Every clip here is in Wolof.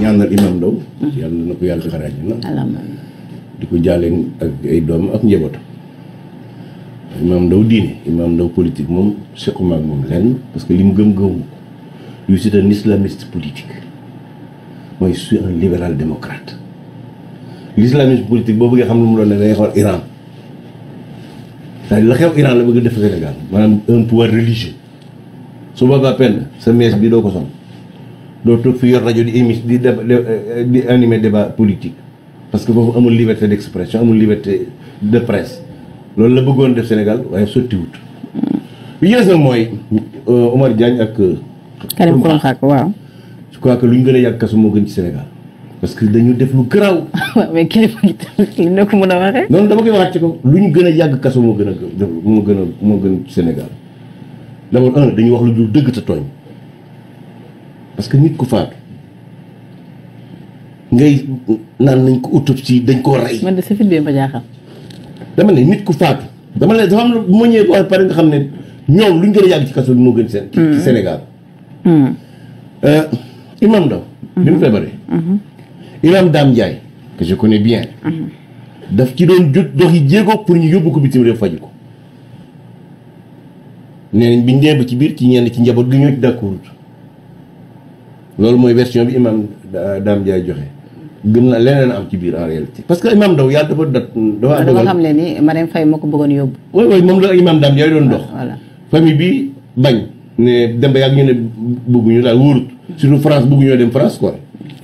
ñaanal imam Ndao yàlla na ko yàlla xaraa na di ko jaaleen ak ay doom ak njaboot imam Ndao diine imam Ndao politique moom sequma ak moom lenn parce que li mu gëm gëmu ko lui c'est un islamiste politique mooy je suis un libéral démocrate l'islamisme politique boo bëggee xam lu mu doon ne day xool Iran la xew Iran la bëgg def Sénégal maanaam un pouvoir religieux su boobaa penn sa mees bi doo ko sonn doo toog fi yor rajo di émis di euh, di animer débat politique parce que foofu amul liberté d'expression amul liberté de presse loolu la bëggoon def Sénégal waaye sottiwut bi jëes nag mooy euh, Omar Diagne ak euh, Karim Xrum Xax waaw je crois que lu ñu gën a yàgg kaso moo gën ci Sénégal parce que dañu def lu garaaw waaw mais Karim li nga ko mën a waxee noonu dama koy waxaat ci ko lu ñu gën a yàgg kaso moo gën a moo gën a moo gën ci Sénégal d'abord un dañu wax lu dul dëgg te tooñ parce que nit ku faatu ngay naan nañ ko autopsie dañ koo rey. man de sa fit dama ne nit ku faatu dama ne dafa am lu ma ñëwee pare nga xam ne ñoom luñ gën a yàgg ci kaso bi moo gën seen. ci hmm. Sénégal. Hmm. Euh, Imam Ndaw. bi mu hmm. feebaree. Imam Dame Ndiaye. que je connais bien. daf ci doon jot dox yi jéego pour ñu yóbbu ko bitim réew faju ko. nee nañ biñ ci biir ci ñenn ci njaboot gi ñoo ci d'accord. loolu mooy version bi imam euh, Dame Ndiaye joxe gën na leneen am ci biir en réalité parce que imam Ndao yàlla dafa dat dafa dafa xam ne ni Marème Faye moo ko bëggoon yóbbu waaw waaw moom la imam Dame Ndiaye doon dox ah, famille bi bañ ne dem ba yàgg ñu ne bëgguñu daal wóorut France bëgguñoo dem France quoi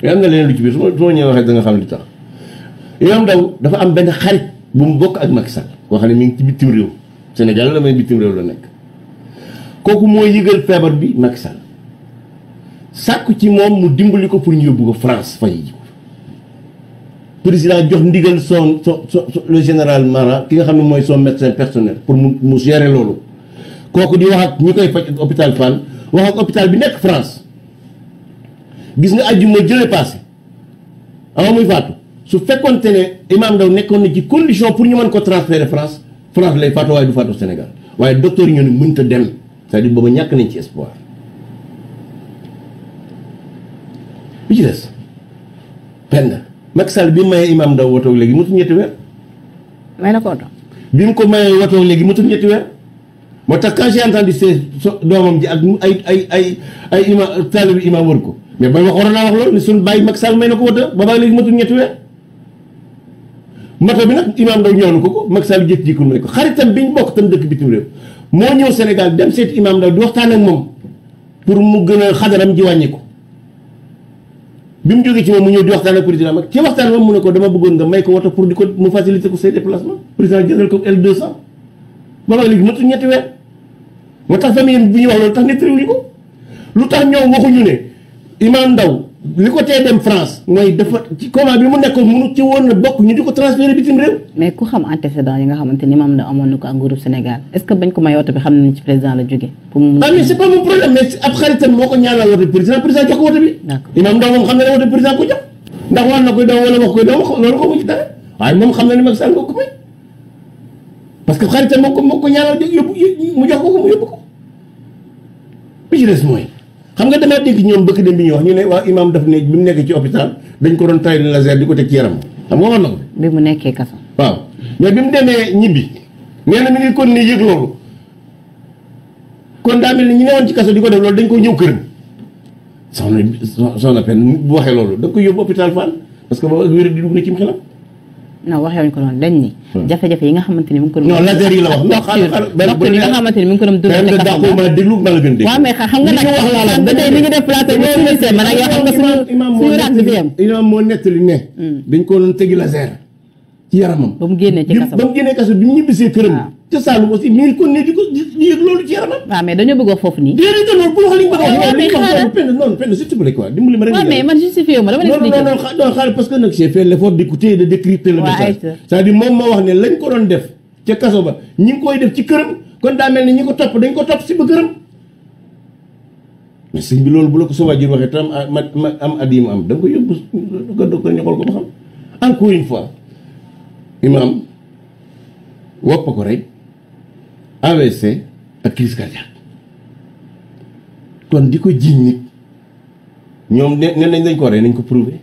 mais am na leneen ci biir su ma su waxee da nga xam li tax imam Ndao dafa am benn xarit bu mu bokk ak Macky Sall koo ne mi ngi ci bitim réew Sénégal la may bitim réew la nekk kooku mooy yëgal feebar bi Macky Sall sakku ci mom mu dimbali ko pour ñu yobbu ko France fay président jox ndigal son so so le général Mara ki nga xamne moy son médecin personnel pour mu mu gérer lolu koku di wax ak ñi koy faj ak hôpital Fann wax ak hôpital bi nek France gis nga aljuma jëlé passé ama muy fatu su fekkonté ne Imam ndaw nekkon na ci condition pour ñu mën ko transférer France France lay fatu way du fatu Sénégal waye docteur ñu mën ta dem c'est-à-dire bama ñak nañ ci espoir bi ci des benn bi mayee Imam Ndao woto léegi mutul ñetti weer. may na ko woto. bi mu ko mayee woto léegi mutul ñetti weer moo tax quand j'ai entendu see doomam ji ak ay ay ay ay ima taalibi wër ko mais ba wax waroon naa wax loolu ne suñu bàyyi Macky ñetti weer. moto bi nag Imam Ndao ñëw ko ko Macky Sall jékki-jékki may ko xaritam bi ñu bokk tam dëkk bitim réew moo ñëw Sénégal dem seeti Imam Ndao di waxtaan ak moom pour mu gën a xadaram ji wàññi ko bi mu jógee ci moom mu ñëw di waxtaan ak président Macky ci waxtaan moom mu a ko dama bëggoon nga may ko woto pour di ko mu faciliter ko say déplacement président jëndal ko L200 booba léegi matu ñetti weer moo tax famille bi ñuy wax loolu tax nettali wuñu ko lu tax ñoom waxuñu ne Imam Ndao li ko tee dem France mooy dafa ci coma bi mu nekkoon mënu ci woon na bokk ñu di ko transféré bitim réew. mais ku xam antécédent yi nga xamante ni maam na amoon na ko ak nguurub Sénégal est ce que bañ ko may woto bi xam nañ ci président la jóge. pour mu ah mais xaritam moo ko ñaanal woto bi président président jox ko woto bi. d' accord imaam ndaw moom xam ko ko ci dara moo ko may parce ko moo ko ñaanal yóbbu mu jox ko ko mu yóbbu ko xam nga dangaa dégg ñoom bëkk dem bi ñuy wax ñu ne waa imaam daf ne bi mu nekk ci hôpital dañ ko doon taal laser di ko teg ci yaram xam nga wax na ko bi mu nekkee kaso waaw mais bi mu demee ñibbi nee na mi ngi kon ni yëg loolu kon daa mel ni ñu newoon ci kaso di ko def loolu dañ ko ñëw këram soxna soxna Pène bu waxee loolu da nga ko yóbbu hôpital Fann parce que boobu ak wér di dugg na ci mu xelam non wax wuñ ko noonu dañ ni. Hmm. jafe-jafe yi nga xamante ni mu ngi ko. non laser yi la wax. ndax yi nga xamante ni mu ko doon dugal te ba. waaw mais nga nag. xam nga tey bi suñu seen man ak yow xam nga suñu suñu raat bi fi yem. imaam ne. Hmm. dañ ko ba mu génnee ci kaso ba mu génnee kaso bi mu ñibbisee këram te Saalum aussi mi ngi continué di ko di yëg loolu ci yaramam. waaw ma wax ne lañ ko doon def ca kaso ba ñi ngi koy def ci këram kon daa mel ni ñi ko topp dañ ko topp si ba këram. mais bi loolu bu la ko sa waajur waxee tam ah, ma ma am at yi mu am da nga ko yóbbu gëdd ko ñu xool ko ba xam encore une fois imam wopp ko rek AVC ak crise cardiaque kon di ko jiñ nit ñoom ne ne nañ dañ ko rey nañ ko prouver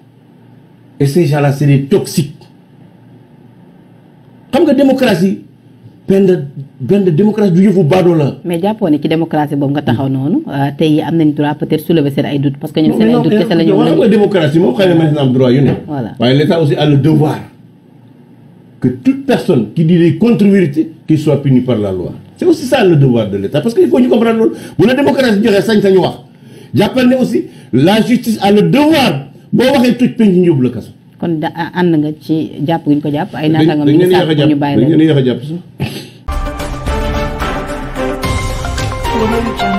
et ces gens-là c'est xam nga démocratie benn benn démocratie du yëfu baadoo mais jàppoo ne ci démocratie boobu nga taxaw noonu euh, tey am nañ droit peut-être soulever seen ay doutes parce que ñoom seen ay doutes kese la ñu. non non démocratie moom xëy na mën na am droit yu waaye l'État aussi a le devoir. que toute personne qui dit des contre-vérités, qu'il soit punie par la loi. C'est aussi ça le devoir de l'État. Parce qu'il faut nous comprendre. Pour la démocratie, j'appelle aussi la justice a le devoir. Bon, on tout peine de vous kaso. kon da ànd nga ci jàpp guñ ko japp ay vous ñu ngi le ñu bàyyi ñu ñu leen yéex a